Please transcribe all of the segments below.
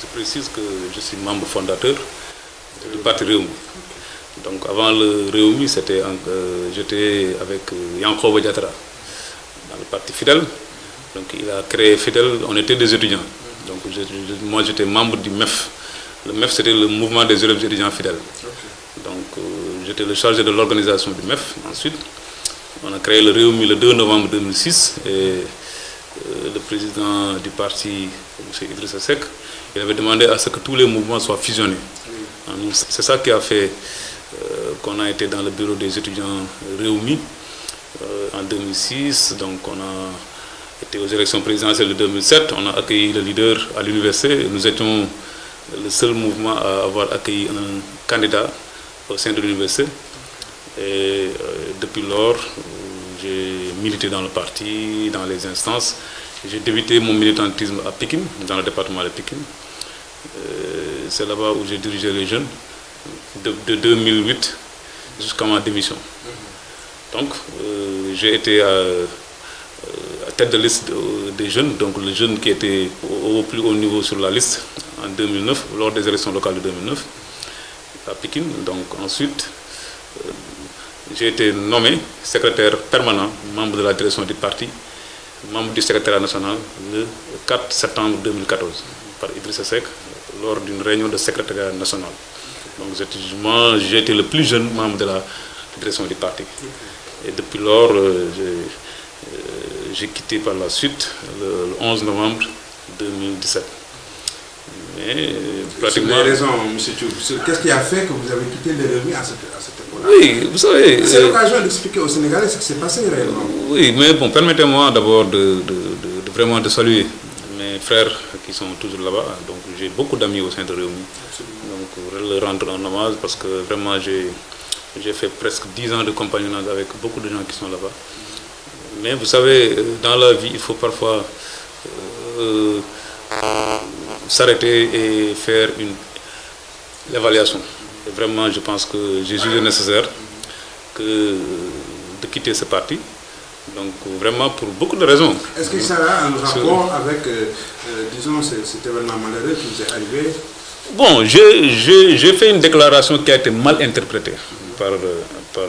Je précise que je suis membre fondateur du parti Réumi. Donc avant le Réumi, euh, j'étais avec euh, Yanko Diatra dans le parti Fidel. Donc il a créé Fidel, on était des étudiants moi j'étais membre du MEF. Le MEF, c'était le mouvement des élèves étudiants fidèles. Donc, euh, j'étais le chargé de l'organisation du MEF. Ensuite, on a créé le Réumi le 2 novembre 2006. Et euh, le président du parti, M. Idrissa Seck, il avait demandé à ce que tous les mouvements soient fusionnés. C'est ça qui a fait euh, qu'on a été dans le bureau des étudiants Réumi en 2006. Donc, on a était aux élections présidentielles de 2007. On a accueilli le leader à l'université. Nous étions le seul mouvement à avoir accueilli un candidat au sein de l'université. Et euh, depuis lors, j'ai milité dans le parti, dans les instances. J'ai débuté mon militantisme à Pékin, dans le département de Pékin. Euh, c'est là-bas où j'ai dirigé les jeunes de, de 2008 jusqu'à ma démission. Mm-hmm. Donc, euh, j'ai été à tête de liste euh, des jeunes, donc le jeune qui était au, plus haut niveau sur la liste en 2009, lors des élections locales de 2009 à Pékin. Donc ensuite, euh, j'ai été nommé secrétaire permanent, membre de la direction du parti, membre du secrétaire national le 4 septembre 2014 par Idrissa Seck lors d'une réunion de secrétaire national. Donc j'ai été le plus jeune membre de la direction du parti. Et depuis lors, euh, j'ai quitté par la suite le, 11 novembre 2017. Mais pratiquement. raison, raisons, M. qu'est-ce qui a fait que vous avez quitté le Réunis à cette, cette époque-là Oui, vous savez. C'est l'occasion euh, d'expliquer aux Sénégalais ce qui s'est passé réellement. Oui, mais bon, permettez-moi d'abord de, vraiment de saluer mes frères qui sont toujours là-bas. Donc j'ai beaucoup d'amis au sein de Réumi. Donc le rendre en hommage parce que vraiment j'ai fait presque 10 ans de compagnonnage avec beaucoup de gens qui sont là-bas. Mais vous savez, dans la vie, il faut parfois euh, s'arrêter et faire une évaluation. vraiment, je pense que Jésus est nécessaire que, de quitter ce parti. Donc vraiment pour beaucoup de raisons. Est-ce que ça a un rapport avec, euh, euh, disons, cet événement malheureux qui nous est arrivé Bon, j'ai fait une déclaration qui a été mal interprétée par, euh,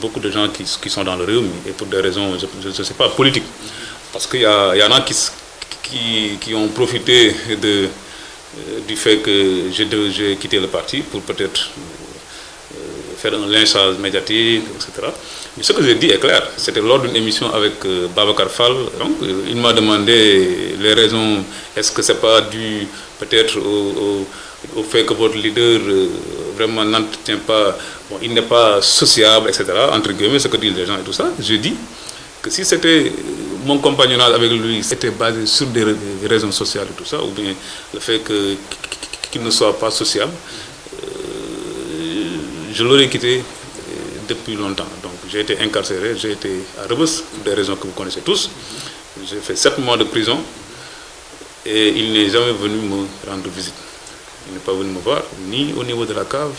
beaucoup, de, gens qui, sont dans le rhume et pour des raisons, je ne sais pas, politiques. Parce qu'il y, en a qui, ont profité euh, du fait que j'ai quitté le parti pour peut-être euh, faire un lynchage médiatique, etc. Mais ce que j'ai dit est clair. C'était lors d'une émission avec Baba Babacar il m'a demandé les raisons. Est-ce que ce n'est pas du peut-être au, fait que votre leader euh, vraiment n'entretient pas, il n'est pas sociable, etc., entre guillemets, ce que disent les gens et tout ça, je dis que si c'était euh, mon compagnonnage avec lui, c'était basé sur des raisons sociales et tout ça, ou bien le fait qu'il ne soit pas sociable, euh, je l'aurais quitté depuis longtemps. Donc j'ai été incarcéré, j'ai été à Rebus, des raisons que vous connaissez tous. J'ai fait sept mois de prison. Et il n'est jamais venu me rendre visite. Il n'est pas venu me voir, ni au niveau de la cave,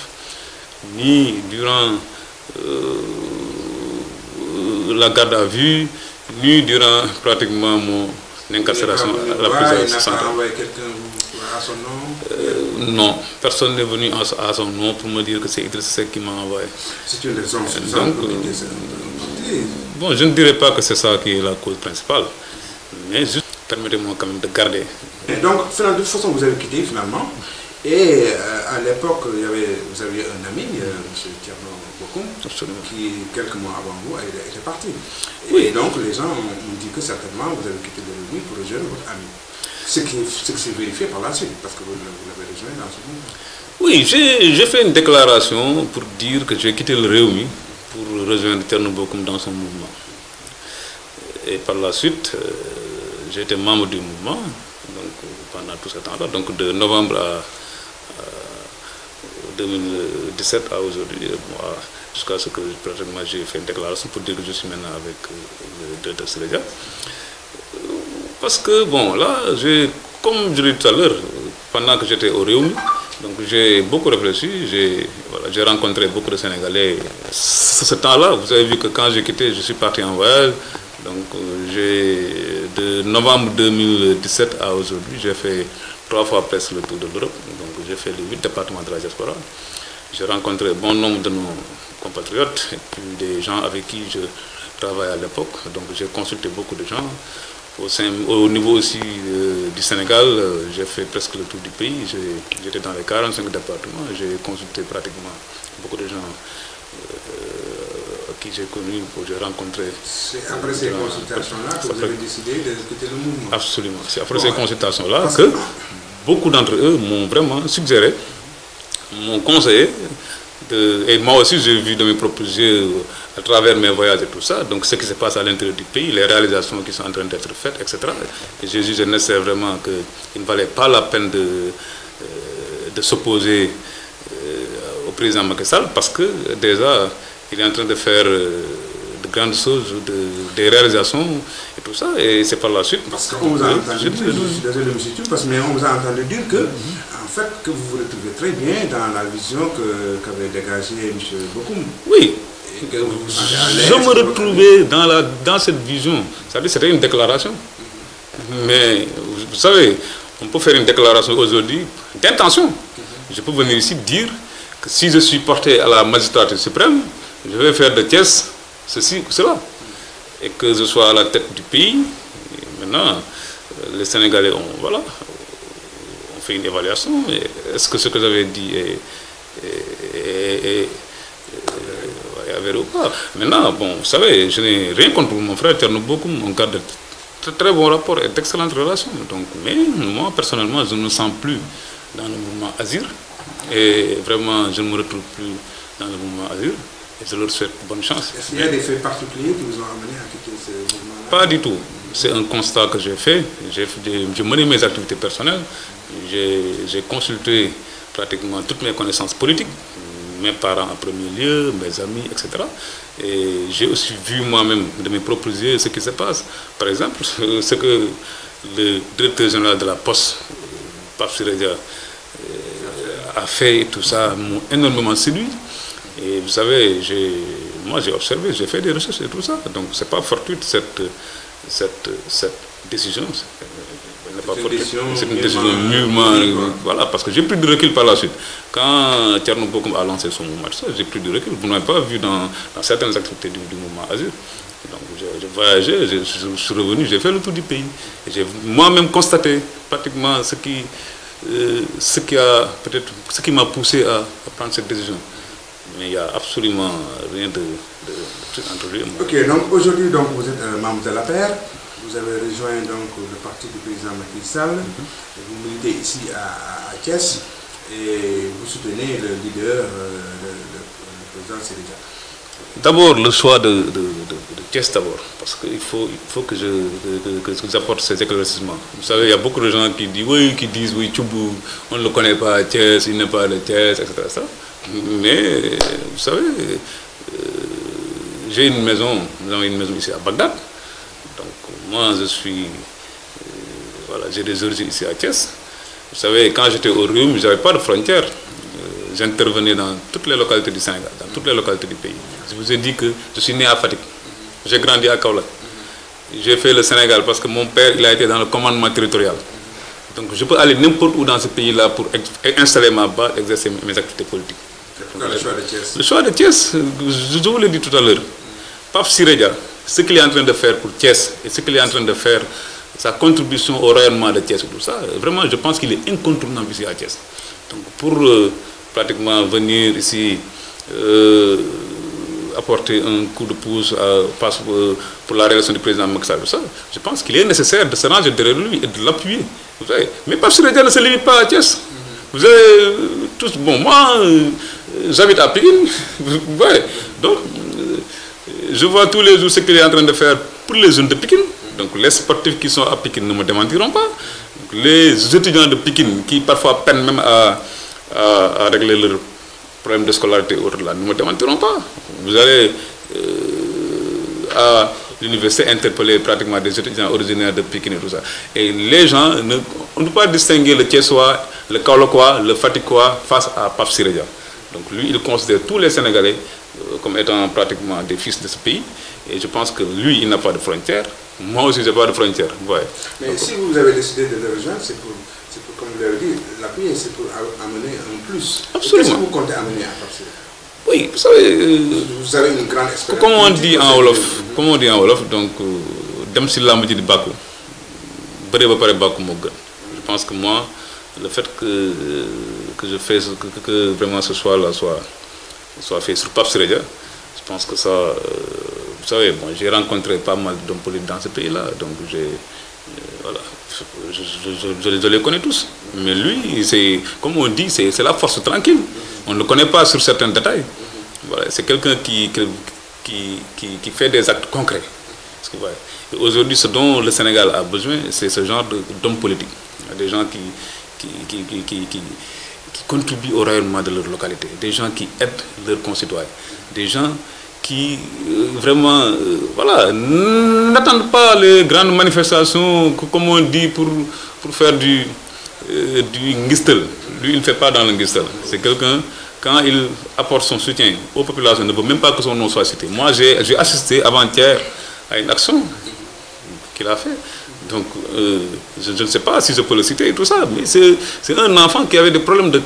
ni durant euh, la garde à vue, ni durant pratiquement mon incarcération à la prison à Son nom euh, Non, personne n'est venu à son nom pour me dire que c'est Idriss qui m'a envoyé. C'est une raison euh, Bon, je ne dirais pas que c'est ça qui est la cause principale, mais juste permettez-moi quand même de garder. donc, finalement, de toute façon, vous avez quitté finalement. Et euh, à l'époque, vous aviez un ami, euh, M. Thierno Bokoum, qui, quelques mois avant vous, était parti. Et donc, les gens ont dit que certainement, vous avez quitté le Réunion pour rejoindre votre ami. Ce qui, s'est vérifié par la suite, parce que vous, l'avez rejoint dans ce mouvement. Oui, j'ai fait une déclaration pour dire que j'ai quitté le Réunion pour rejoindre Thierno Bokoum dans son mouvement. Et par la suite, euh, j'ai été membre du mouvement donc, pendant tout ce temps-là, donc de novembre à, 2017 euh, à aujourd'hui, jusqu'à ce que pratiquement j'ai fait une déclaration pour dire que je suis maintenant avec euh, le directeur Parce que, bon, là, comme je l'ai dit tout à l'heure, pendant que j'étais au Réunion, donc j'ai beaucoup réfléchi, j'ai voilà, rencontré beaucoup de Sénégalais. Ce, ce temps-là, vous avez vu que quand j'ai quitté, je suis parti en voyage, donc euh, j'ai de novembre 2017 à aujourd'hui, j'ai fait trois fois presque le tour de l'Europe. Donc j'ai fait les huit départements de la diaspora. J'ai rencontré bon nombre de nos compatriotes et puis des gens avec qui je travaillais à l'époque. Donc j'ai consulté beaucoup de gens. Au, niveau aussi euh, du Sénégal, euh, j'ai fait presque le tour du pays. J'étais dans les 45 départements. J'ai consulté pratiquement beaucoup de gens. Euh, qui j'ai connu, que j'ai rencontré. C'est après ces consultations-là que vous avez décidé d'exécuter le mouvement Absolument. C'est après ces consultations-là que beaucoup d'entre eux m'ont vraiment suggéré, m'ont conseillé. De, et moi aussi, j'ai vu de mes propres yeux, à travers mes voyages et tout ça, donc ce qui se passe à l'intérieur du pays, les réalisations qui sont en train d'être faites, etc. Et je ne sais vraiment qu'il ne valait pas la peine de, euh, de s'opposer euh, au président Macky parce que déjà, il est en train de faire euh, de grandes choses, de, des réalisations et tout ça, et c'est par la suite. Parce qu'on vous a entendu dire, mais on vous a entendu dire que, en fait, que vous vous retrouvez très bien dans la vision qu'avait dégagée M. Bokoum. Oui, je me retrouvais dans, la, dans cette vision. C'était une déclaration. Mais vous savez, on peut faire une déclaration aujourd'hui d'intention. Je peux venir ici dire que si je suis porté à la magistrature suprême, je vais faire des Thiès ceci ou cela. Et que je sois à la tête du pays, maintenant, les Sénégalais ont, voilà, fait une évaluation. Est-ce que ce que j'avais dit est, avéré ou pas Maintenant, bon, vous savez, je n'ai rien contre mon frère beaucoup on garde de très, très rapport rapport, et d'excellentes relations. Donc, mais moi, personnellement, je ne me sens plus dans le mouvement Azir. Et vraiment, je ne me retrouve plus dans le mouvement Azir. Et je leur souhaite bonne chance. Est-ce qu'il y a des faits particuliers qui vous ont amené à quitter ce mouvement Pas du tout. C'est un constat que j'ai fait. J'ai mené mes activités personnelles. J'ai consulté pratiquement toutes mes connaissances politiques, mes parents en premier lieu, mes amis, etc. Et j'ai aussi vu moi-même de mes propres yeux ce qui se passe. Par exemple, ce que le directeur général de la Poste, Pape Sireja, euh, a fait tout ça m'a énormément séduit. Et vous savez, moi j'ai observé, j'ai fait des recherches et tout ça. Donc c'est pas fortuite cette, cette, cette décision. C'est une décision mûrement. Voilà, parce que j'ai pris de recul par la suite. Quand Tchernobyl a lancé son match, j'ai pris de recul. Vous n'avez pas vu dans, certaines activités du, mouvement Azur. Donc j'ai voyagé, je, suis revenu, j'ai fait le tour du pays. J'ai moi-même constaté pratiquement ce qui, euh, ce qui a peut-être ce qui m'a poussé à prendre cette décision mais il n'y a absolument rien de, de, Ok, donc aujourd'hui, donc, vous êtes membre de la paire, vous avez rejoint donc, le parti du président Macky Sall, mhm. vous militez ici à, à et vous soutenez le leader, euh, le, président D'abord, le choix de, de, d'abord, parce qu'il faut, il faut que, je, que, que apporte ces éclaircissements. Vous savez, il y a beaucoup de gens qui disent, oui, qui disent, oui, Tchoubou, on ne le connaît pas à Thiès, il n'est pas à Thiès, etc. etc. Mais, vous savez, euh, j'ai une maison, nous avons une maison ici à Bagdad. Donc, moi, je suis. Euh, voilà, j'ai des origines ici à Thiès. Vous savez, quand j'étais au Rhum, je n'avais pas de frontières. Euh, j'intervenais dans toutes les localités du Sénégal, dans toutes les localités du pays. Je vous ai dit que je suis né à Fatik. J'ai grandi à Kaolack. J'ai fait le Sénégal parce que mon père, il a été dans le commandement territorial. Donc, je peux aller n'importe où dans ce pays-là pour installer ma base, exercer mes activités politiques le choix de Thiès Le de je, vous l'ai dit tout à l'heure. Paf Sireja, ce qu'il est en train de faire pour Thiès et ce qu'il est en train de faire, sa contribution au rayonnement de Thiès, tout ça, vraiment, je pense qu'il est incontournable ici à Thiès. Donc, pour euh, pratiquement venir ici euh, apporter un coup de pouce euh, pour la réaction du président Macky je pense qu'il est nécessaire de se ranger derrière lui et de l'appuyer. Mais Paf Sireja ne se limite pas à Thiès. Vous avez tous, bon, moi, j'habite à Pékin. Donc, euh, je vois tous les jours ce qu'il est en train de faire pour les jeunes de Pékin. Donc, les sportifs qui sont à Pékin ne me démentiront pas. les étudiants de Pékin qui parfois peinent même à, régler leurs problèmes de scolarité au ne me démentiront pas. Vous allez euh, à l'université interpeller pratiquement des étudiants originaires de Pékin et tout ça. Et les gens, ne, on ne pas distinguer le Tchessois, le Kaolokois, le Fatikois face à Paf Sireja. Donc lui, il considère tous les Sénégalais euh, comme étant pratiquement des fils de ce pays. Et je pense que lui, il n'a pas de frontières. Moi aussi, je n'ai pas de frontières. Mais si vous avez décidé de le rejoindre, c'est pour, comme vous l'avez dit, l'appui, c'est pour amener un plus. Absolument. Qu'est-ce que vous comptez amener à partir oui, vous savez, euh, vous avez une grande expérience. Comment on dit en Wolof Comment on dit en Wolof Donc, euh, dem si lamb Je pense que moi, le fait que que je fais, vraiment ce soir là soit, soit fait sur Pape Je pense que ça, euh, vous savez, j'ai rencontré pas mal d'hommes politiques dans ce pays-là, donc j'ai, euh, voilà, je, les connais tous. Mais lui, c'est, comme on dit, c'est la force tranquille. On ne le connaît pas sur certains détails. c'est quelqu'un qui, qui, fait des actes concrets. Aujourd'hui, ce dont le Sénégal a besoin, c'est ce genre d'hommes politiques. Des gens qui, qui, qui, qui, qui contribuent au rayonnement de leur localité, des gens qui aident leurs concitoyens, des gens qui euh, vraiment euh, voilà, n'attendent pas les grandes manifestations, comme on dit, pour, pour faire du, euh, du ngistel. Lui, il ne fait pas dans le ngistel. C'est quelqu'un, quand il apporte son soutien aux populations, il ne veut même pas que son nom soit cité. Moi, j'ai assisté avant-hier à une action qu'il a faite donc, euh, je, ne sais pas si je peux le citer et tout ça, mais c'est un enfant qui avait des problèmes de,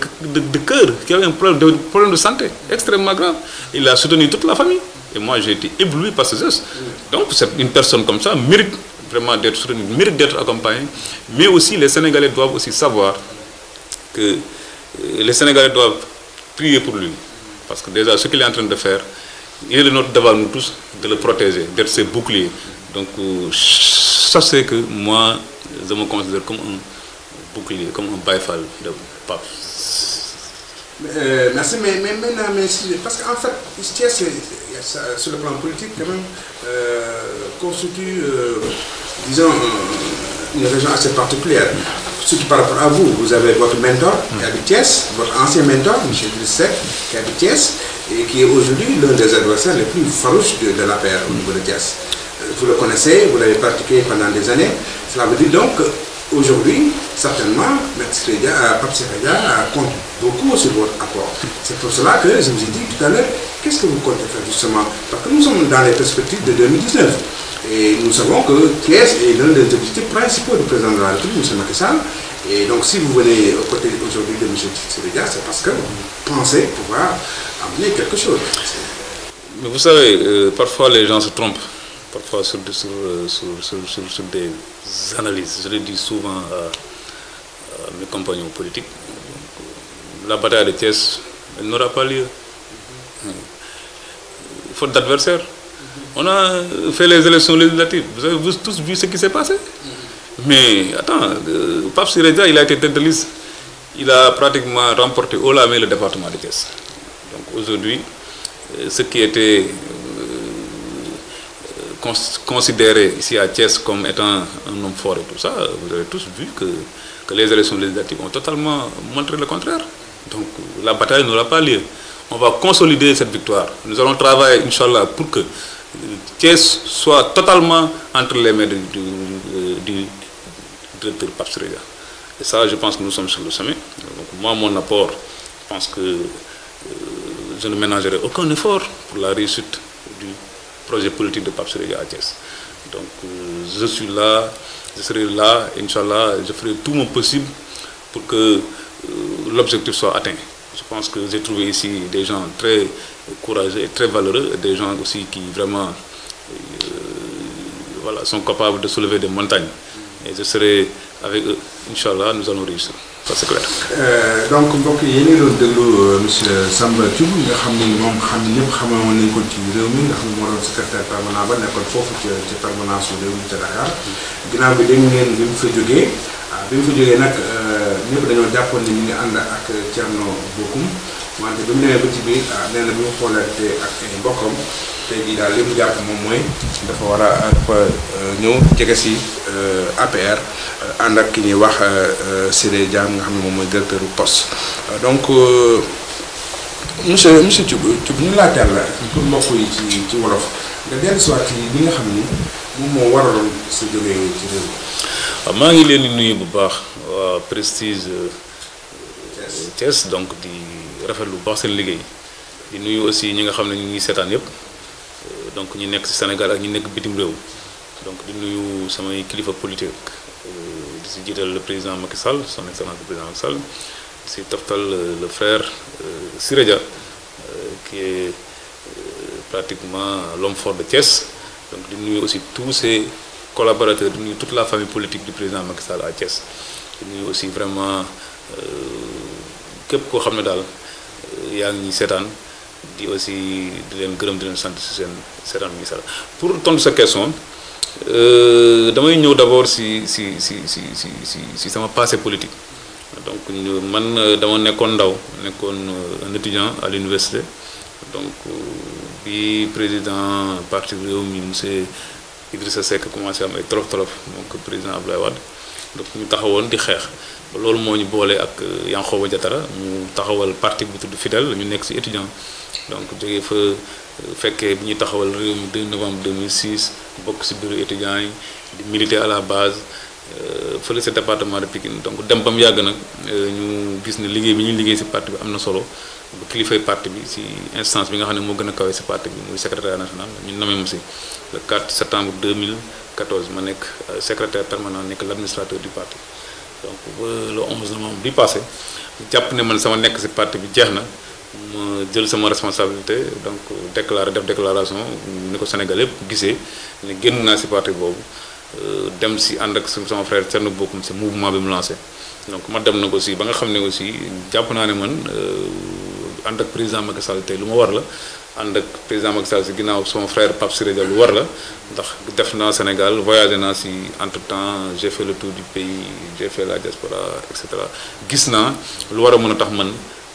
cœur, qui avait un problème de, santé extrêmement grave. Il a soutenu toute la famille. Et moi, j'ai été ébloui par ce geste. Donc, une personne comme ça mérite vraiment d'être soutenue, mérite d'être accompagnée. Mais aussi, les Sénégalais doivent aussi savoir que euh, les Sénégalais doivent prier pour lui. Parce que déjà, ce qu'il est en train de faire, il est de notre devoir, nous tous, de le protéger, d'être ses boucliers. Donc, euh, c'est que moi, je me considère comme un bouclier, comme un bifal de pape. Euh, merci, mais, mais maintenant, mais, parce qu'en fait, Thiès, sur le plan politique, quand même, euh, constitue, euh, disons, une région assez particulière. ce qui par rapport à vous, vous avez votre mentor qui habite votre ancien mentor, Michel Drissek, qui habite et qui est aujourd'hui l'un des adversaires les plus farouches de, la paire au niveau de Thiès. Euh, vous le connaissez, vous l'avez pratiqué pendant des années. Cela veut dire donc qu'aujourd'hui, certainement, euh, Pape Sérédia compte beaucoup sur votre apport. C'est pour cela que je vous ai dit tout à l'heure, qu'est-ce que vous comptez faire justement Parce que nous sommes dans les perspectives de 2019. Et nous savons que Thiès est l'un des objectifs principaux du président de la République, M. Et donc, si vous venez au côté aujourd'hui de M. Sérédia, c'est parce que vous pensez pouvoir amener quelque chose. Mais vous savez, euh, parfois les gens se trompent parfois sur, des analyses. Je le dis souvent à, mes compagnons politiques. la bataille de Thiès n'aura pas lieu. Hmm. Faute d'adversaire. On a fait les élections législatives. Vous avez tous vu ce qui s'est passé Mais attends, euh, Pape Sireja, il a été tête de Il a pratiquement remporté au la main le département de Thiès. Donc aujourd'hui, euh, ce qui était considéré ici à Thiès comme étant un homme fort et tout ça, vous avez tous vu que, les élections législatives ont totalement montré le contraire. Donc la bataille n'aura pas lieu. On va consolider cette victoire. Nous allons travailler, Inch'Allah, pour que Thiès soit totalement entre les mains du, directeur Papsrega. Et ça, je pense que nous sommes sur le sommet. Donc moi, mon apport, je pense que euh, je ne ménagerai aucun effort pour la réussite projet politique de Pape Serega Adjès. Donc euh, je suis là, je serai là, Inch'Allah, je ferai tout mon possible pour que euh, l'objectif soit atteint. Je pense que j'ai trouvé ici des gens très courageux et très valeureux, des gens aussi qui vraiment euh, voilà, sont capables de soulever des montagnes. Et je serai avec eux. Inch'Allah, nous allons réussir. parce que euh, donc mbokk yi yéen doon déglu euh, monsieur Samba Thioub nga xam ni moom xam ni ñëpp xamoon nañ ko ci réew mi nga xam ne moo doon secrétaire permanent ba nekkoon foofu ci ci permanence su réew mi ca Dakar ginnaaw bi dégg ngeen bi mu fa jógee ah, bi mu fa jógee nag euh, ñëpp dañoo jàppoon ni ñu ngi ànd ak Thierno Bocoum. wante bi mu demee ba ci biir ah nee na bi mu xoolante ak ay mbokkam tey jii daal li mu jàpp moom mooy dafa war a ah, dafa euh, ñëw jege si euh, APR euh, ànd ak ki ñuy wax Siré Dia nga xam ne moom mooy directeur du poste donc monsieur monsieur Thioub Thioub ñu laajteel la. pour mbokk yi ci ci wolof nga dellusiwaat yi bi nga xam ni moom moo waraloon sa jógee ci réew mi. Ah, maa ngi leen di nuyu bu baax waa Prestige Thiès donc di rafet lu aussi ñi nga donc ñu nekk Sénégal ak donc politique euh, le président Macky son excellence président Sall euh, le frère euh, qui est pratiquement l'homme fort de Thiès donc di aussi tous ces collaborateurs di toute la famille politique du président Macky à Thiès Nous aussi vraiment képp euh, yaa ngi seetaan di aussi di leen gërëm di leen sant si seen seetaan bi ngi pour tontu sa question euh, damay ñëw d'abord si si si si si si si sama passé politique donc ñu man euh, dama nekkoon ndaw nekkoon un étudiant à l'université donc bi président parti réew mi monsieur Idrissa Seck commencé am ay tolof tolof donc président Abdoulaye Wade donc ñu taxawoon di xeex loolu moo ñu boole ak euh, Yankhoba Diattara mu taxawal parti bu tudd Fidèle ñu nekk si étudiant donc jógee fa euh, fekkee bi ñuy taxawal réew mi 2 novembre 2006 bokk si bureau étudiant yi di à la base euh, fële sa département de Pikine donc dem ba mu yàgg nag ñu gis ne liggéey bi ñuy liggéey si parti bi am na solo bu kilifay parti bi si instance bi nga xam ne moo gën a kawee si parti bi muy secrétaire national ñu namee mu si le 4 septembre 2014 ma nekk secrétaire permanent nekk l' administrateur du parti donc ba le 11 novembre bi passé jàpp ne man sama nekk si parti bi jeex na ma jël sama responsabilité donc déclaré def déclaration ni ko Sénégal yëpp gisee ni génn naa si parti boobu euh, dem si ànd ak sama frère Thierno bokkum si mouvement bi mu lancé donc ma dem na ko ba nga xam ne aussi jàpp naa ne man euh, ànd ak président Macky Sall tey lu ma war la ànd président Macky Sall si son frère Pape Siré Dia war la ndax def na Sénégal voyager na si entre temps j'ai fait le tour du pays j'ai fait la diaspora et cetera gis na lu wara mëna tax man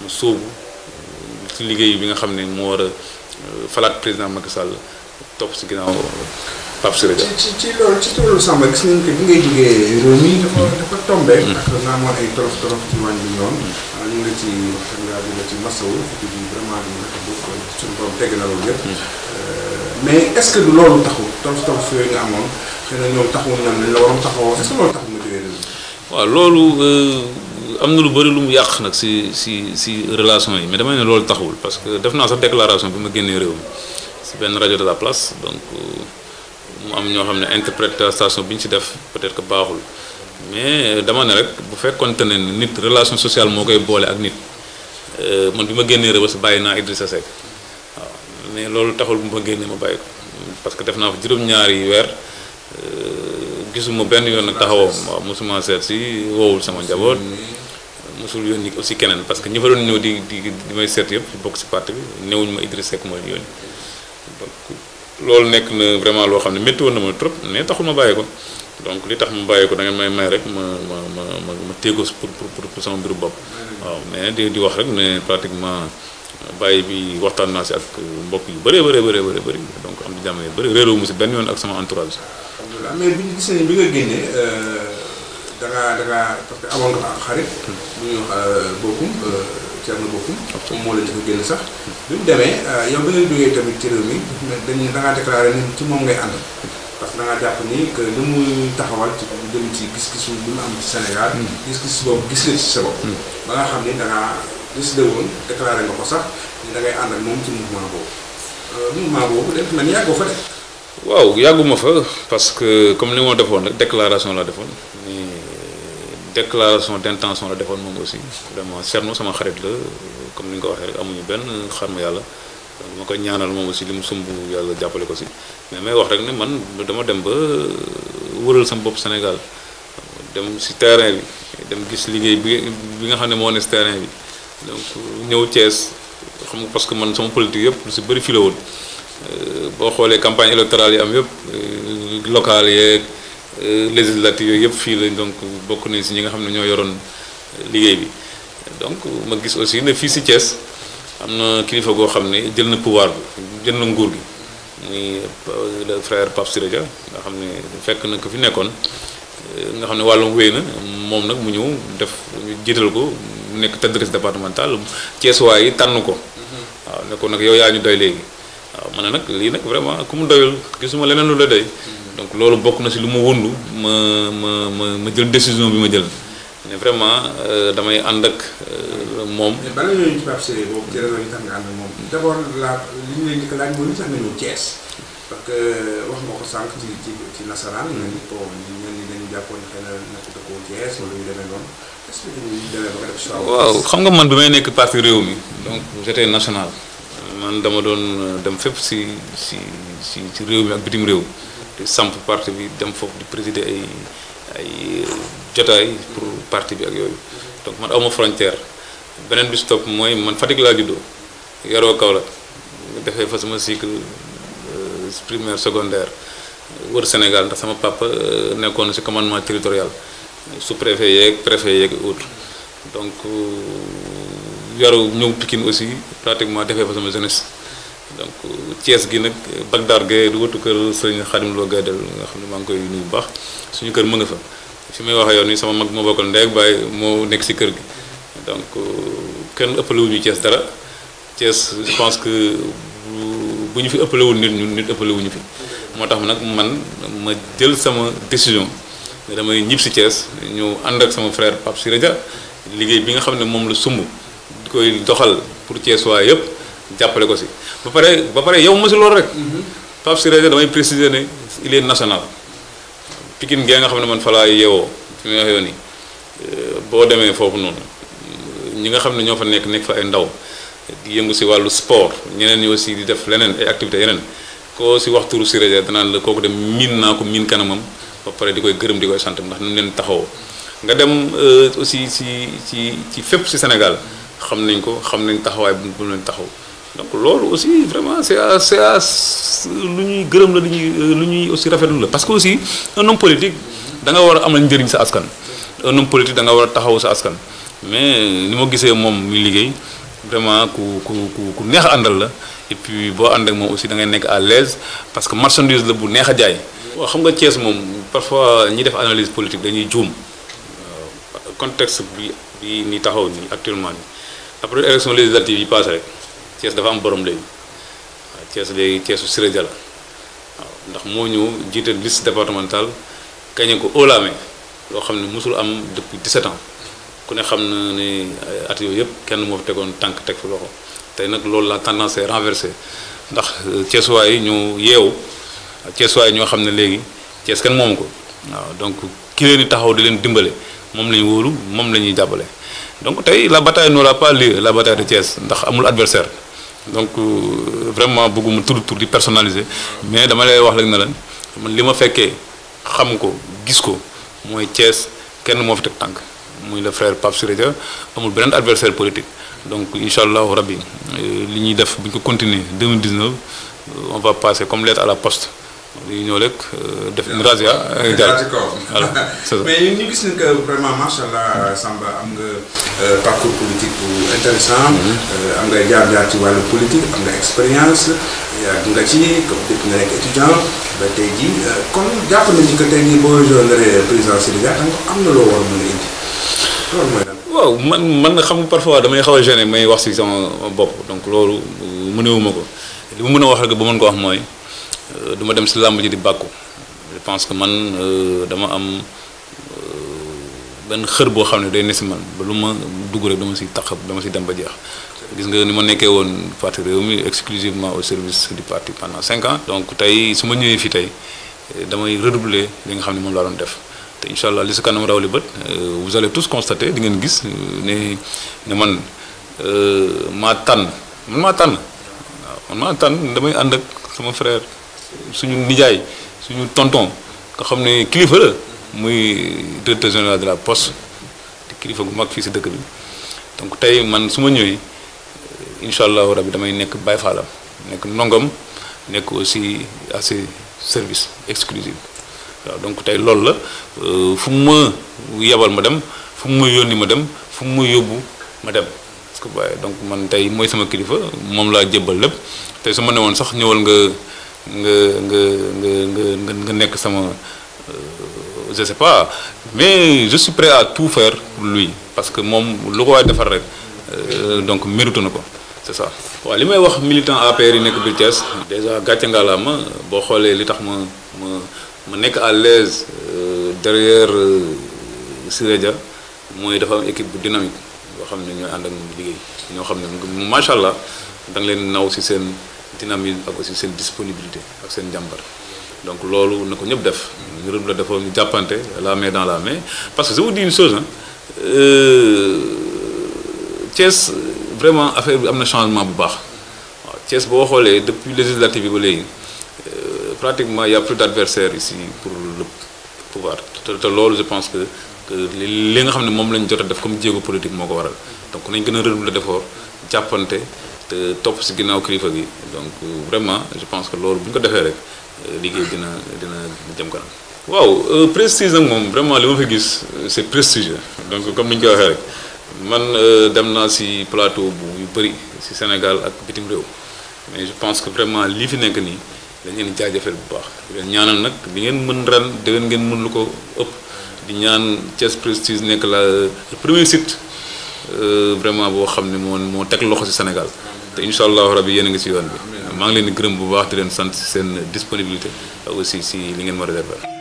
mu sóobu ci liggéey bi nga xam ne moo war a euh, falaat président Macky Sall topp si ginnaaw Pape Siré Dia. ci ci loolu ci toolu Samba gis nañ que bi ngay jugee réew mi dafa dafa tombé. Mm. ak naa moo ay torof torof ci wàññi yoon. Mm. ñu ngi ci wax nga la ci masawu di vraiment di. suñu borom tegg na loolu yëpp. mais est-ce que loolu taxul tolof tolof yooyu nga amoon xëy na ñoom taxul na la loolu taxul euh, lu bëri lu mu yàq nag si si si relation yi mais damay ne loolu taxawul parce que def naa sax déclaration bi ma génnee réew mi si benn rajo de la place donc euh, mu am ñoo xam ne interprétation bi ñu si def peut-être que baaxul mais euh, dama ne rek bu fekkonte ne nit relation sociale moo koy boole ak nit man bi ma génnee réew si bàyyi naa sa Seck. mais lolou taxul bu ma génne ma bayiko parce que def naa fa yi ñaari euh gisuma ben yoon nag taxawam musuma mosuma ci wowul woowul sama njaboot mosul yónni aussi kenen parce que ñu fa doon ñëw di di di may seet yëpp bok ci parti bi newuñ ma Idriss Seck moy ñu donc lolou nek na vraiment lo xam metti métti na ma trop mais taxul ma bayiko donc li tax ma bayiko da ngeen may may rek ma ma ma ma ma pour pour pour sama mbiru bopp waaw mais di di wax rek ne pratiquement baye bi waxtaan naa si ak mbokk yu bari bari bari bari bari donc am jamay bari yu mu ci ben yon ak sama entourage mais bi ñu gisee ne bi nga génnee da nga da nga parce que avant nga xarit bu ñu ñuy wax bokkum ceerno bokkum moom mo la jëkk génn sax bi mu demee yow bi nga jógee tamit ci rew mi dañ da nga déclarer ni ci mom ngay and parce que da nga japp ni que li muy taxawal ci dem ci gis gis bu mu am ci Sénégal gis-gis boobu gis gis ci sa bopp ba nga xam ni da nga décidé woon déclaré nga ko sax da ngay ànd ak moom ci mouvement boobu mouvement boobu def na ni yàggoo fa de. waaw yàgguma fa parce que comme ni ma defoon rek déclaration la defoon ni déclaration la aussi vraiment sama xarit la comme ni nga ko rek amuñu benn xarma yàlla. ma koy ñaanal aussi ko mais may wax rek ne man dama dem ba wëral sama bopp Sénégal dem si terrain bi dem gis liggéey bi nga ne terrain bi donc ñëw cees xam nga parce que man sama politique yëpp lu si bëri fi la euh, boo xoolee campagne électorale yi am yëpp euh, locale yeeg euh, législative yooyu yëpp fii lañ donc bokk nañ si ñi nga xam ne ñoo yoroon liggéey bi donc ma gis aussi ne fii si cees am na kilifa goo xam ne jël na pouvoir bi jël na nguur gi muy le frère Pape Siré Dia nga xam ne fekk na ko fi nekkoon nga xam ne wàllum wéy na moom nag mu ñëw def jiital ko nek tedris departemental départemental Thiès waa yi tànn ko waaw mhm. ah, nek nak yow yañu doy legi waaw ah, ma ne nag lii vraiment ku mu doyul gisuma lenen lu doy mhm. donc lolu bokk na ci luma ma ma ma ma ma jël décision bi ma jël né vraiment euh, damay and ak euh, mom mais la ñoo ñu ci Pape Seye boobu ci réseau yi tax nga and ak moom d' la li ñu ñëk njëkk laaj mooy li tax nga ñëw parce que euh, wax moko sank ci ci nasaran ñu nga ñu bon dañu jappone xena nak ko ties wala ñu demee non waaw xam nga man bi may nekk parti réew mi donc j'étais national man dama doon euh, dem fépp si si si si réew mi ak bitim réew di samp parti bi dem foofu di présider ay euh, jotaay pour parti bi ak yooyu donc man awma frontière beneen bi si mooy man Fatick laa juddoo yaroo Kaolack defee fa sama cycle euh, primaire secondaire wër Sénégal ndax sama papa nekkoon si commandement territorial su préfet yeeg préfet yeeg autre donc euh, yaru ñëw Pikine aussi pratiquement defee fa sama jeunesse donc euh, Thiès gi nag Bagdad Gueye du wëtu kër sëñ Xadim Lo Gaydel nga xam ne maa ngi koy nuyu bu baax suñu kër mu nga fa fi may waxee yoon ni sama mag moo bokkal ndey ak moo nekk si kër gi donc euh, kenn ëppale wuñu Thiès dara Thiès je pense que bu ñu fi ëppalewul nit ñu nit ëppalewuñu fi moo tax nag man ma jël sama décision ne damay ñib si Thiès ñu and ak sama frère pap Siré liggey bi nga xamne mom la sumb koy doxal pour ties wa yëpp jàppale ko ci ba paré ba paré yow ma si loolu rek mhm. pap Siré Dia damay préciser ne il est national Pikine gi nga xamne man fala laa fi may waxee euh, ñi nga xamne ño fa nek nek fa ay ndaw yëngu ci walu sport ñeneen ñi aussi di def leneen ay activité yeneen ko si waxtu Siré Dia la koku dem ko min kanamam ba pare di koy gërëm di koy sant ndax ñu leen taxaw nga dem euh, aussi ci ci ci fépp ci Sénégal xam nañ ko xam nañ taxaway bu bu leen taxaw donc loolu aussi vraiment c'est à c'est à lu ñuy gërëm la euh, lu ñuy aussi rafetlu la parce que aussi un homme politique da nga war a amal njëriñ sa askan un homme politique da nga war a taxaw sa askan mais ni ma gisee moom mi liggéey vraiment ku ku ku ku neex andal la et puis boo ànd ak moom aussi da ngay nekk à l'aise parce que marchandise la bu neex a jaay waa xam nga Thiès moom parfois ñi def analyse politique dañuy juum contexte bi bi ni taxaw ni actuellement ni après élection législative yi passé rek Thiès dafa am borom léegi waaw Thiès léegi Thièsu Siré Dia waaw ndax moo ñu jiite liste départementale kañe ko olaame loo xam ne mosul am depuis 17 ans ku ne xam na ne at yooyu yëpp kenn moo fi tegoon tànk teg fi loxo tey nag loolu la tendance est renversée ndax euh, Thiès waay ñu yeewu Cees waaye ñoo xam ne léegi Cees kan moomu ko donc qui est di taxaw di leen dimbale moom la ñu wóolu moom donc tey la bataille n'aura pas lieu la bataille de Thiès ndax amul adversaire donc euh, vraiment beaucoup tudd tour di personnaliser mais dama lay wax rek na la man li ma fekkee xam ko gis ko mooy Thiès kenn moo le frère Pape Siré amul beneen adversaire politique donc inshallah allahu rabbi euh, li ñuy def bu ko continuer 2019 euh, on va passer comme lettre à la poste li ñëw rek euh, def une razzia. Euh, voilà c'est ça. mais allah Samba am nga euh, parcours politique bu intéressant mhm. am nga jaar-jaar ci wàllu politique am nga expérience. yaa ngi nga ci comme depuis nga nekk étudiant ba tey jii kon jàpp nañu que tey jii boo jëlee président Sénégal am na loo war a a indi loolu waaw man man xam nga parfois damay xaw a gêné may wax si sama bopp donc loolu mu newuma ko li mu mën a wax rek ba mën ko wax mooy. duma dem ci lamb ji di bàkku je pense que man dama am benn eh, xër boo xam ne day ne si man ba lu ma dugg rek dama si tax dama si dem ba jeex gis nga ni ma nekkee woon parti réew mi exclusivement au service du parti pendant 5 ans donc tey su ma ñëwee fii tey damay redoubler li nga xam ne moom laa doon def te incha allah li si kanam rawli li bët vous allez tous constater di ngeen gis ne ne man maa tànn man maa tànn waaw man maa tànn damay ànd ak sama frère suñu nijaay suñu tonton nga xam ne kilifa la muy directeur général de la poste kilifa gu mag fii si dëkk bi donc tey man su ma ñëwee euh, incha allahu rabi damay nekk Baye Fallam nekk ndongam nekk aussi à ses services exclusifs waaw donc tey loolu la euh, fu mu ma yebal ma dem fu mu ma yónni ma dem fu mu ma yóbbu ma dem parce que waaye donc man tey mooy sama kilifa moom laa jébbal lépp tey su ma ne woon sax ñëwal nga. nga nga nga nga nekk sama euh, je sais pas mais je suis à tout faire pour lui parce que moom lu ko waay defar rek euh, donc mérite na ko c'est ça. waaw li may wax militant APR yi nekk biir Thiès déjà gàcce ma boo xoolee li tax ma ma ma nekk à l'aise euh, derrière Siré Dia mooy dafa équipe bu dynamique boo xam ne ñooy ànd ak moom liggéey ñoo xam ne macha allah da nga leen naw si seen. dynamisme ak aussi seen disponibilité ak seen njàmbar donc loolu na ko ñëpp def ñu la dafa ñu jàppante la main dans la main parce que je vous dis une chose ah Thiès vraiment affaire bi am na changement bu baax waaw Thiès boo xoolee depuis législative bi ba léegi euh, pratiquement y a plus d'adversaires ici pour le pouvoir Donc, l'olu, je pense que li nga xam ne moom lañ jot a def comme jéego politique moo ko waral donc nañ gën a rëb la defoo jàppante te topp si ginnaaw kilifa gi donc vraiment je pense que loolu bu ñu ko defee rek liggéey dina dina jëm kanam. waaw euh, prestige nag moom vraiment li ma fi gis c'est prestigieux donc comme ni ñu ko waxee rek man euh, dem naa si plateau bu yu bëri si Sénégal ak bitim réew mais je pense que vraiment lii fi nekk nii dañ leen jaajëfal bu baax leen ñaanal nag li ngeen mën ren déwén ngeen mën lu ko ëpp di ñaan Thiès Prestige nekk la premier site euh, vraiment boo xam ne moo moo teg loxo si Sénégal. te incha allahu rabi yéen a ngi si yoon bi maa ngi leen di gërëm bu baax di leen sant seen disponibilité aussi si li ngeen ma réservé